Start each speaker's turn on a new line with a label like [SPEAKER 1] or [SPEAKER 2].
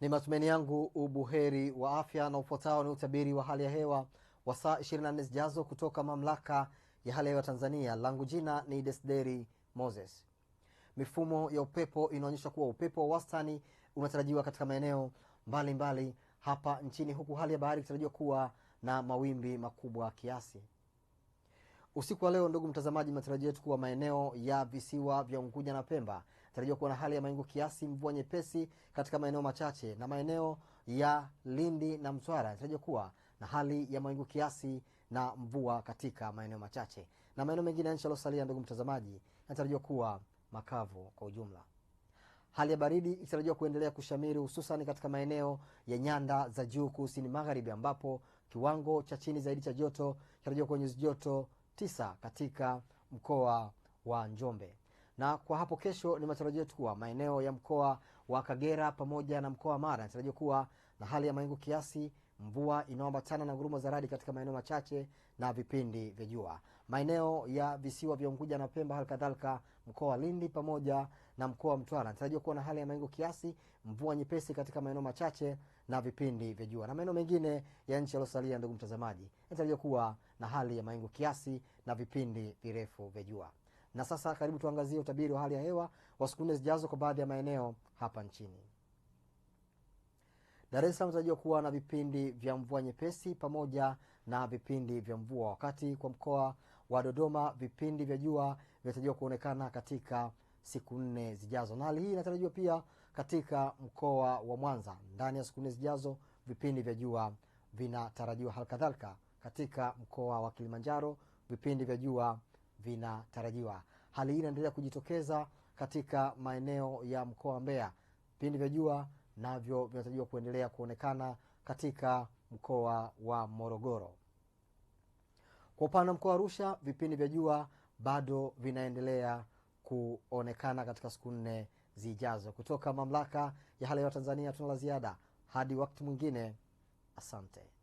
[SPEAKER 1] Ni matumaini yangu ubuheri wa afya, na ufuatao ni utabiri wa hali ya hewa wa saa 24 zijazo kutoka mamlaka ya hali ya hewa Tanzania. Langu jina ni desderi Moses. Mifumo ya upepo inaonyesha kuwa upepo wa wastani unatarajiwa katika maeneo mbalimbali hapa nchini, huku hali ya bahari ikitarajiwa kuwa na mawimbi makubwa kiasi. Usiku wa leo, ndugu mtazamaji, matarajio yetu kuwa maeneo ya visiwa vya Unguja na Pemba tarajiwa kuwa na hali ya mawingu kiasi, mvua nyepesi katika maeneo machache, na maeneo ya Lindi na Mtwara tarajiwa kuwa na hali ya mawingu kiasi na mvua katika maeneo machache, na maeneo mengine ya nchi yaliyosalia, ndugu mtazamaji, yanatarajiwa kuwa makavu kwa ujumla. Hali ya baridi ikitarajiwa kuendelea kushamiri hususan katika maeneo ya nyanda za juu kusini magharibi, ambapo kiwango cha chini zaidi cha joto kitarajiwa kwenye nyuzi joto tisa katika mkoa wa Njombe. Na kwa hapo kesho, ni matarajio yetu kuwa maeneo ya mkoa wa Kagera pamoja na mkoa wa Mara yanatarajiwa kuwa na hali ya mawingu kiasi Mvua inaambatana na ngurumo za radi katika maeneo machache na vipindi vya jua. Maeneo ya visiwa vya Unguja na Pemba, hali kadhalika mkoa wa Lindi pamoja na mkoa wa Mtwara anatarajiwa kuwa na hali ya mawingu kiasi, mvua nyepesi katika maeneo machache na vipindi vya jua. Na maeneo mengine ya nchi yaliyosalia, ndugu mtazamaji, yanatarajiwa kuwa na hali ya mawingu kiasi na vipindi virefu vya jua. Na sasa karibu tuangazie utabiri wa hali ya hewa wa siku nne zijazo kwa baadhi ya maeneo hapa nchini.
[SPEAKER 2] Dar es Salaam inatarajiwa kuwa na vipindi vya mvua nyepesi pamoja na vipindi vya mvua, wakati kwa mkoa wa Dodoma vipindi vya jua vinatarajiwa kuonekana katika siku nne zijazo, na hali hii inatarajiwa pia katika mkoa wa Mwanza ndani ya siku nne zijazo, vipindi vya jua vinatarajiwa. Halikadhalika katika mkoa wa Kilimanjaro vipindi vya jua vinatarajiwa. Hali hii inaendelea kujitokeza katika maeneo ya mkoa wa Mbeya, vipindi vya jua navyo vinatarajiwa kuendelea kuonekana katika mkoa wa Morogoro. Kwa upande wa mkoa wa Arusha, vipindi vya jua bado vinaendelea kuonekana katika siku nne zijazo. Kutoka mamlaka ya hali ya hewa Tanzania, tuna la ziada hadi wakati mwingine. Asante.